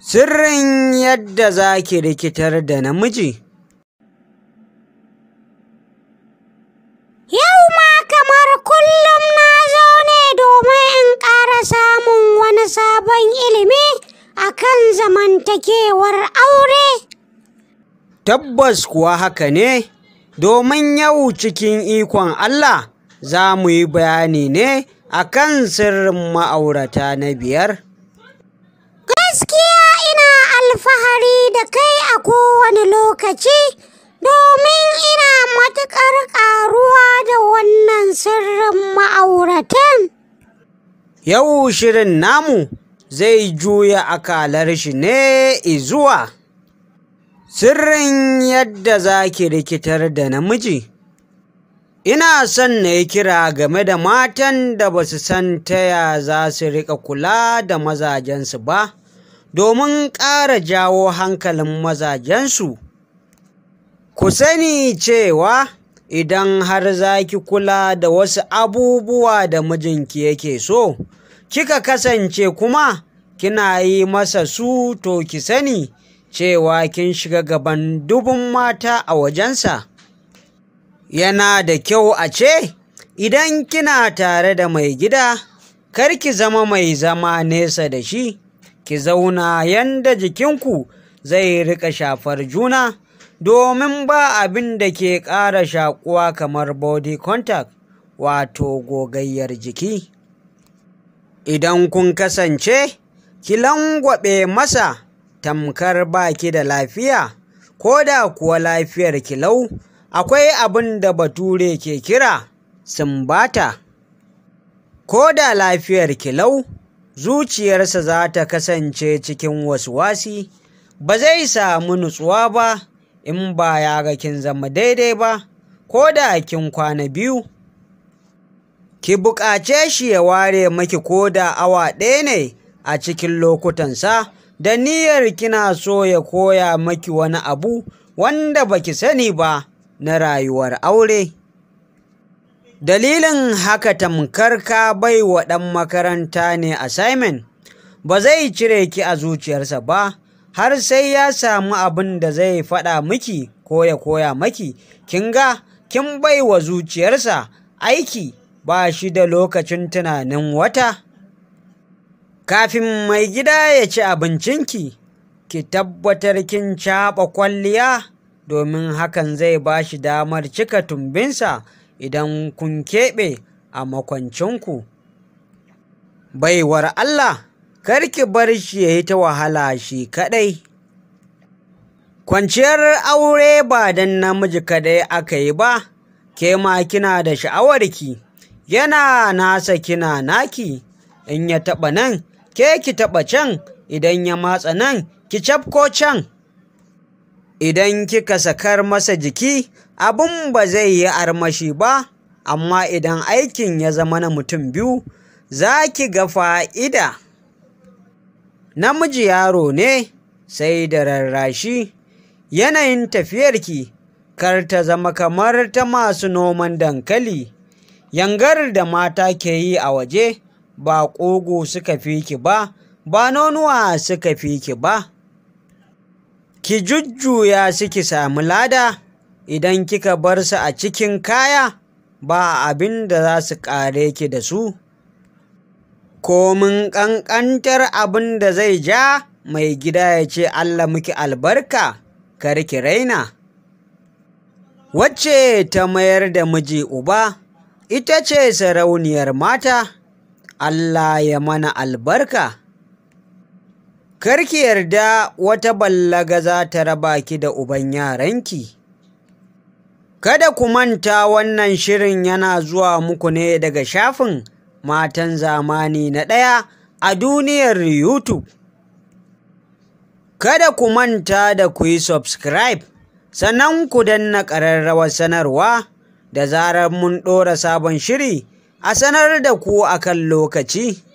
Sirrin yadda za ki rikitar da namiji. Yau ma kamar kullum na zo ne domin in ƙara samun wani sabon ilimi a kan zamantakewar aure. Tabbas kuwa haka ne, domin yau cikin ikon Allah za mu yi bayani ne a kan sirrin ma'aurata na biyar. alfahari da kai a kowane lokaci domin ina matuƙar ƙaruwa da wannan sirrin ma'auratan. Yau shirin namu zai juya akalar shi ne izuwa. Sirrin yadda za ki rikitar da namiji. Ina son na yi kira game da matan da ba su san taya za su riƙa kula da mazajensu ba. domin ƙara jawo hankalin mazajensu. Ku sani cewa idan har za ki kula da wasu abubuwa da mijinki yake so, kika kasance kuma kina yi masa su to ki sani cewa kin shiga gaban dubun mata a wajensa. Yana da kyau a ce, idan kina tare da mai gida, kar ki zama mai zama nesa da shi. ki zauna yanda jikinku zai riƙa shafar juna domin ba abin da ke ƙara shakuwa kamar body contact wato gogayyar jiki idan kun kasance ki langwaɓe masa tamkar baki da lafiya ko da kuwa lafiyar kilau akwai abin da bature ke kira simbata ko da lafiyar kilau zuciyarsa za ta kasance cikin wasu wasi, ba zai samu nutsuwa ba in ba ya ga kin zama daidai ba ko da kin kwana biyu ki buƙace shi ya ware maki ko da awa ɗaya ne a cikin lokutansa da niyyar kina so ya koya maki wani abu wanda baki sani ba na rayuwar aure. Dalilin haka tamkar ka bai wa ɗan makaranta ne a assignment, ba zai cire ki a zuciyarsa ba, har sai ya samu abin da zai faɗa miki ko ya koya maki, kin ga kin bai wa zuciyarsa aiki ba shi da lokacin tunanin wata. Kafin mai gida ya ci abincinki, ki tabbatar kin caɓa kwalliya domin hakan zai ba shi damar cika tumbinsa idan kun keɓe a makwancinku baiwar Allah karki bar shi ya yi ta wahala shi kaɗai kwanciyar aure ba don namiji kaɗai aka yi ba ke ma kina da sha'awarki yana nasa kina naki in ya taɓa nan ke ki taɓa can idan ya matsa nan ki cafko can idan kika sakar masa jiki abin ba zai yi armashi ba amma idan aikin ya zama na mutum biyu za ki ga fa'ida namiji yaro ne sai da rarrashi yanayin tafiyarki kar ta zama kamar ta masu noman dankali yangar da mata ke yi a waje ba ƙugu suka fi ki ba ba nonuwa suka fi ki ba ki jujjuya su ki sami lada idan kika bar su a cikin kaya ba abin da za su ƙare ki da su komin ƙanƙantar abin da zai ja mai gida ya ce allah muki albarka kar ki raina wacce ta mayar da miji uba ita ce sarauniyar mata allah ya mana albarka karki yarda wata ballaga za ta raba ki da uban yaranki. Kada ku manta wannan shirin yana zuwa muku ne daga shafin Matan Zamani na ɗaya a duniyar YouTube. Kada ku manta da ku yi subscribe, sannan ku danna ƙararrawar sanarwa da zarar mun ɗora sabon shiri a sanar da ku akan lokaci.